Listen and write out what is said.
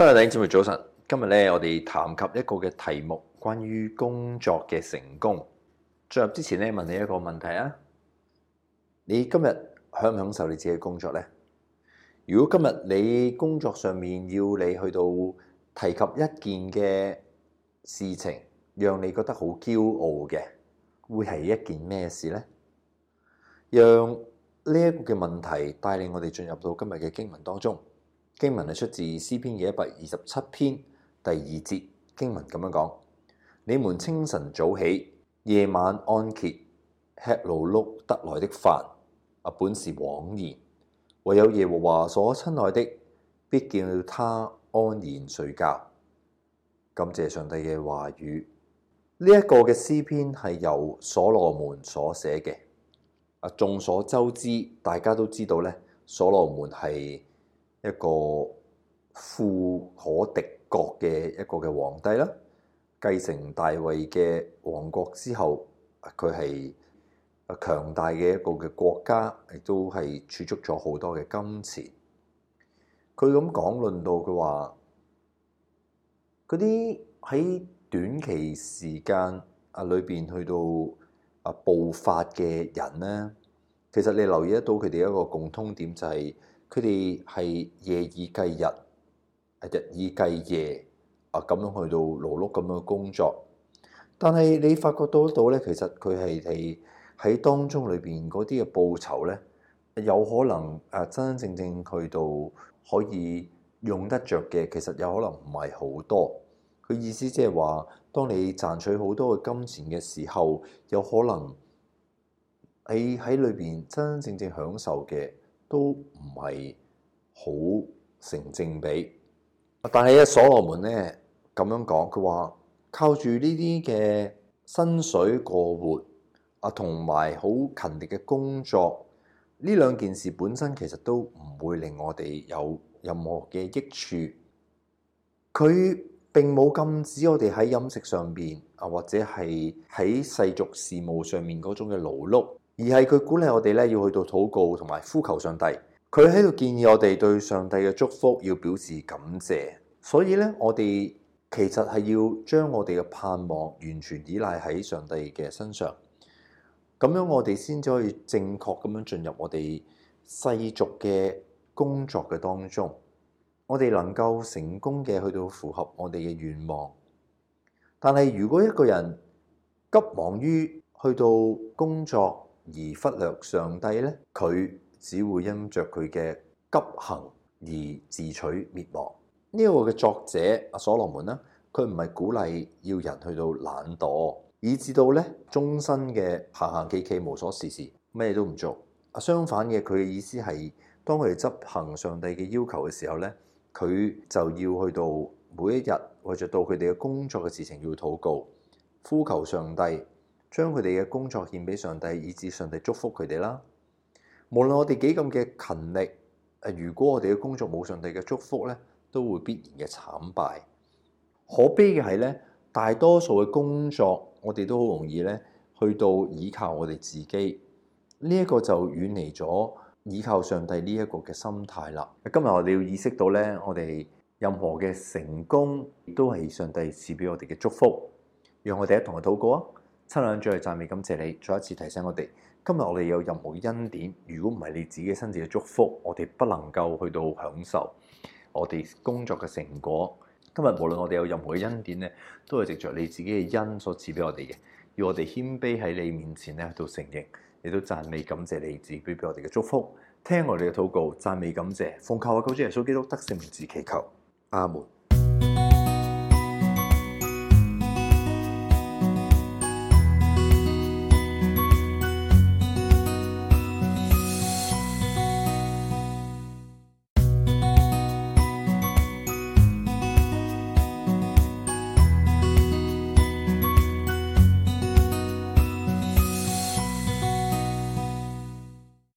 新嘅電影節目早晨，今日咧我哋談及一個嘅題目，關於工作嘅成功。進入之前咧，問你一個問題啊：你今日享唔享受你自己嘅工作呢？如果今日你工作上面要你去到提及一件嘅事情，讓你覺得好驕傲嘅，會係一件咩事呢？讓呢一個嘅問題帶領我哋進入到今日嘅經文當中。經文係出自詩篇嘅一百二十七篇第二節，經文咁樣講：你們清晨早起，夜晚安歇，吃勞碌得來的飯，本是枉然；唯有耶和華所親愛的，必叫他安然睡覺。感謝上帝嘅話語。呢、這、一個嘅詩篇係由所羅門所寫嘅。啊，眾所周知，大家都知道咧，所羅門係。一個富可敵國嘅一個嘅皇帝啦，繼承大衛嘅王國之後，佢係啊強大嘅一個嘅國家，亦都係儲蓄咗好多嘅金錢。佢咁講論到佢話，嗰啲喺短期時間啊裏邊去到啊暴發嘅人咧，其實你留意得到佢哋一個共通點就係、是。佢哋係夜以繼日，日以繼夜，啊咁樣去到勞碌咁樣工作。但係你發覺到得到咧，其實佢係你喺當中裏邊嗰啲嘅報酬咧，有可能啊真真正正去到可以用得着嘅，其實有可能唔係好多。佢意思即係話，當你賺取好多嘅金錢嘅時候，有可能你喺裏邊真真正正享受嘅，都唔係好成正比，但係阿所羅門咧咁樣講，佢話靠住呢啲嘅薪水過活啊，同埋好勤力嘅工作呢兩件事本身其實都唔會令我哋有任何嘅益處。佢並冇禁止我哋喺飲食上面啊，或者係喺世俗事務上面嗰種嘅勞碌。而係佢鼓勵我哋咧，要去到禱告同埋呼求上帝。佢喺度建議我哋對上帝嘅祝福要表示感謝。所以咧，我哋其實係要將我哋嘅盼望完全依賴喺上帝嘅身上。咁樣我哋先至可以正確咁樣進入我哋世俗嘅工作嘅當中，我哋能夠成功嘅去到符合我哋嘅願望。但係如果一個人急忙於去到工作，而忽略上帝呢，佢只會因着佢嘅急行而自取滅亡。呢個嘅作者阿所羅門呢，佢唔係鼓勵要人去到懶惰，以至到呢終身嘅行行企企無所事事，咩都唔做。啊，相反嘅佢嘅意思係當佢哋執行上帝嘅要求嘅時候呢，佢就要去到每一日為著到佢哋嘅工作嘅事情要禱告，呼求上帝。將佢哋嘅工作獻俾上帝，以致上帝祝福佢哋啦。無論我哋幾咁嘅勤力，誒，如果我哋嘅工作冇上帝嘅祝福咧，都會必然嘅慘敗。可悲嘅係咧，大多數嘅工作我哋都好容易咧去到依靠我哋自己呢一個就遠離咗依靠上帝呢一個嘅心態啦。今日我哋要意識到咧，我哋任何嘅成功都係上帝賜俾我哋嘅祝福，讓我哋一同去禱告啊！親兩最係讚美感謝你，再一次提醒我哋，今日我哋有任何恩典，如果唔係你自己親自嘅祝福，我哋不能夠去到享受我哋工作嘅成果。今日無論我哋有任何嘅恩典咧，都係藉著你自己嘅恩所賜俾我哋嘅，要我哋謙卑喺你面前咧，去到承認，亦都讚美感謝你賜俾俾我哋嘅祝福。聽我哋嘅禱告，讚美感謝，奉靠我，救主耶穌基督，得勝自祈求，阿門。